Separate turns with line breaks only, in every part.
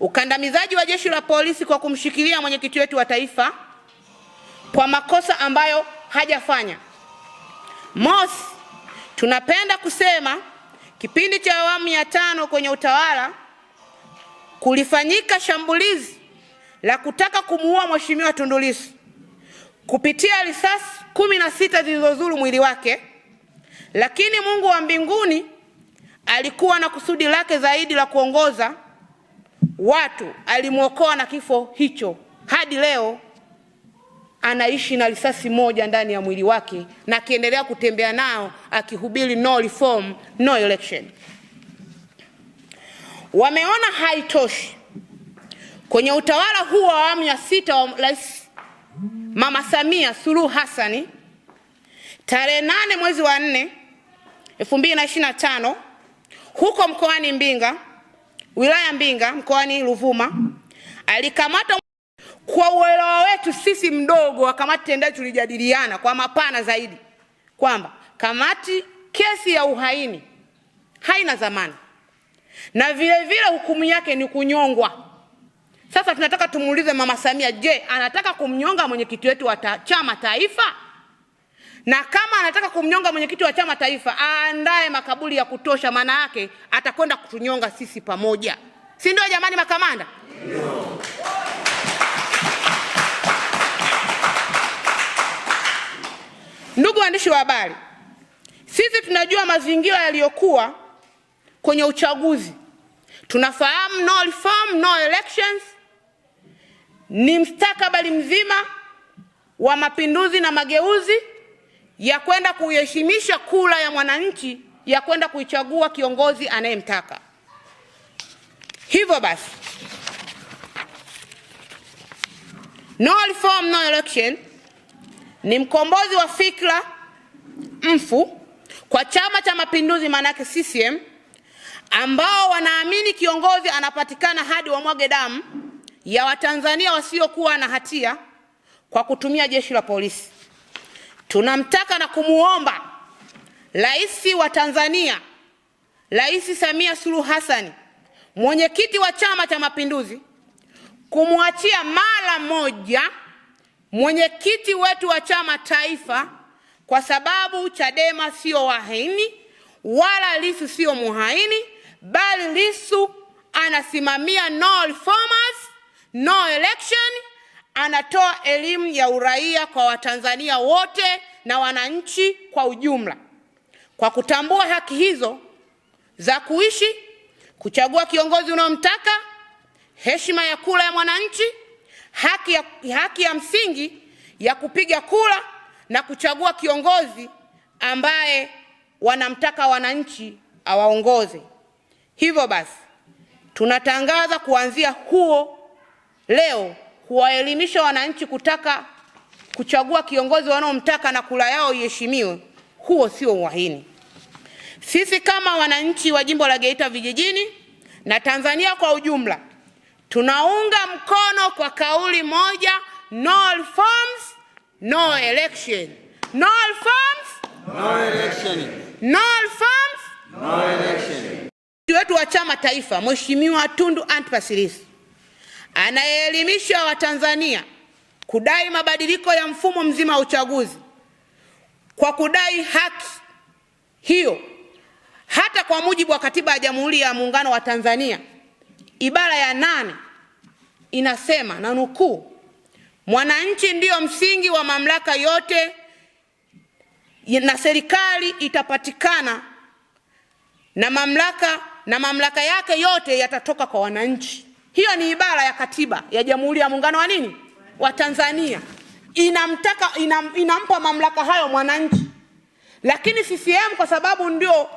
ukandamizaji wa jeshi la polisi kwa kumshikilia mwenyekiti wetu wa taifa kwa makosa ambayo hajafanya. Mosi, tunapenda kusema kipindi cha awamu ya tano kwenye utawala kulifanyika shambulizi la kutaka kumuua Mheshimiwa Tundu Lissu kupitia risasi kumi na sita zilizozuru mwili wake, lakini Mungu wa mbinguni alikuwa na kusudi lake zaidi la kuongoza watu alimwokoa na kifo hicho, hadi leo anaishi na risasi moja ndani ya mwili wake na akiendelea kutembea nao akihubiri no reform no election. Wameona haitoshi, kwenye utawala huu wa awamu ya sita wa Rais Mama Samia Suluhu Hassani, tarehe nane mwezi wa nne 2025 huko mkoani Mbinga wilaya Mbinga mkoani Ruvuma alikamata kwa uelewa wetu sisi mdogo wa kamati tendaji tulijadiliana kwa mapana zaidi kwamba kamati kesi ya uhaini haina dhamana na vile vile hukumu yake ni kunyongwa. Sasa tunataka tumuulize Mama Samia, je, anataka kumnyonga mwenyekiti wetu wa chama taifa? na kama anataka kumnyonga mwenyekiti wa chama taifa aandae makaburi ya kutosha, maana yake atakwenda kutunyonga sisi pamoja, si ndio? Jamani makamanda, Ndugu waandishi wa habari, sisi tunajua mazingira yaliyokuwa kwenye uchaguzi, tunafahamu no reform no elections ni mstakabali mzima wa mapinduzi na mageuzi ya kwenda kuiheshimisha kura ya mwananchi ya kwenda kuichagua kiongozi anayemtaka. Hivyo basi, no reform no election ni mkombozi wa fikra mfu kwa Chama cha Mapinduzi, maanake CCM ambao wanaamini kiongozi anapatikana hadi wamwage damu ya Watanzania wasiokuwa na hatia kwa kutumia jeshi la polisi. Tunamtaka na kumwomba Rais wa Tanzania, Rais Samia Suluhu Hassan, mwenyekiti wa Chama cha Mapinduzi, kumwachia mara moja mwenyekiti wetu wa chama taifa, kwa sababu Chadema sio wahaini wala Lissu sio muhaini, bali Lissu anasimamia no reformers, no election anatoa elimu ya uraia kwa Watanzania wote na wananchi kwa ujumla, kwa kutambua haki hizo za kuishi, kuchagua kiongozi unayomtaka, heshima ya kura ya mwananchi, haki ya, haki ya msingi ya kupiga kura na kuchagua kiongozi ambaye wanamtaka wananchi awaongoze. Hivyo basi tunatangaza kuanzia huo leo kuwaelimisha wananchi kutaka kuchagua kiongozi wanaomtaka na kura yao iheshimiwe, huo sio uhaini. Sisi kama wananchi wa jimbo la Geita vijijini na Tanzania kwa ujumla tunaunga mkono kwa kauli moja, no reforms no election, no reforms
no election,
no reforms
no election.
Wetu wa chama taifa Mheshimiwa Tundu Antipas Lissu anayeelimisha Watanzania kudai mabadiliko ya mfumo mzima wa uchaguzi kwa kudai haki hiyo hata kwa mujibu wa Katiba ya Jamhuri ya Muungano wa Tanzania ibara ya nane inasema na nukuu, mwananchi ndiyo msingi wa mamlaka yote na serikali itapatikana na mamlaka na mamlaka yake yote yatatoka kwa wananchi. Hiyo ni ibara ya katiba ya Jamhuri ya Muungano wa nini wa Tanzania, inamtaka inam, inampa mamlaka hayo mwananchi, lakini CCM kwa sababu ndio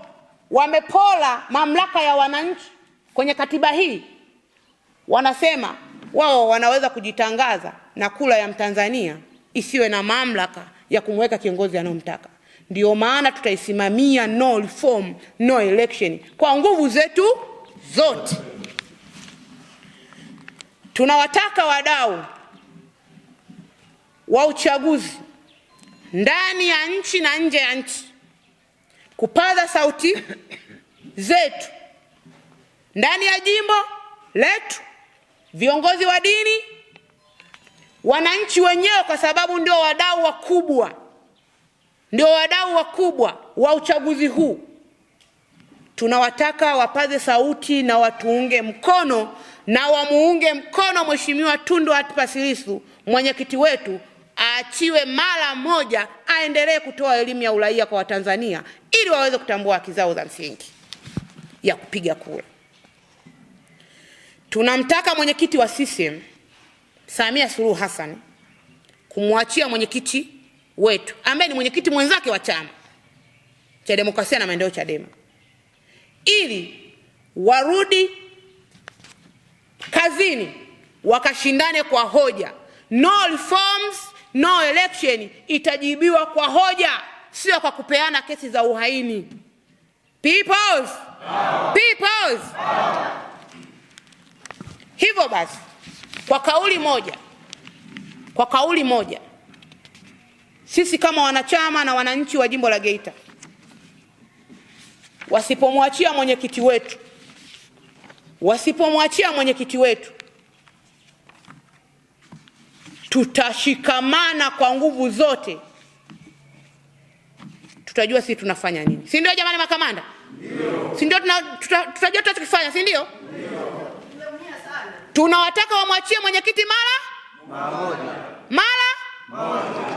wamepola mamlaka ya wananchi kwenye katiba hii, wanasema wao wanaweza kujitangaza na kula ya Mtanzania isiwe na mamlaka ya kumweka kiongozi anayomtaka. Ndio maana tutaisimamia no reform no election kwa nguvu zetu zote. Tunawataka wadau wa uchaguzi ndani ya nchi na nje ya nchi kupaza sauti zetu ndani ya jimbo letu, viongozi wa dini, wananchi wenyewe, kwa sababu ndio wadau wakubwa, ndio wadau wakubwa wa uchaguzi huu. Tunawataka wapaze sauti na watuunge mkono na wamuunge mkono Mheshimiwa Tundu Antipas Lissu mwenyekiti wetu aachiwe mara moja, aendelee kutoa elimu ya uraia kwa Watanzania ili waweze kutambua haki zao za msingi ya kupiga kura. Tunamtaka mwenyekiti wa CCM Samia Suluhu Hassan kumwachia mwenyekiti wetu ambaye ni mwenyekiti mwenzake wa chama cha demokrasia na maendeleo, Chadema ili warudi kazini wakashindane kwa hoja. No reforms, no election itajibiwa kwa hoja, sio kwa kupeana kesi za uhaini. Peoples, peoples. Hivyo basi, kwa kauli moja, kwa kauli moja, sisi kama wanachama na wananchi wa jimbo la Geita wasipomwachia mwenyekiti wetu wasipomwachia mwenyekiti wetu tutashikamana kwa nguvu zote, tutajua sisi tunafanya nini, si ndio? Jamani makamanda, si ndio? Tuta, tutajua tunachokifanya, si ndio? Tunawataka wamwachie mwenyekiti mara mara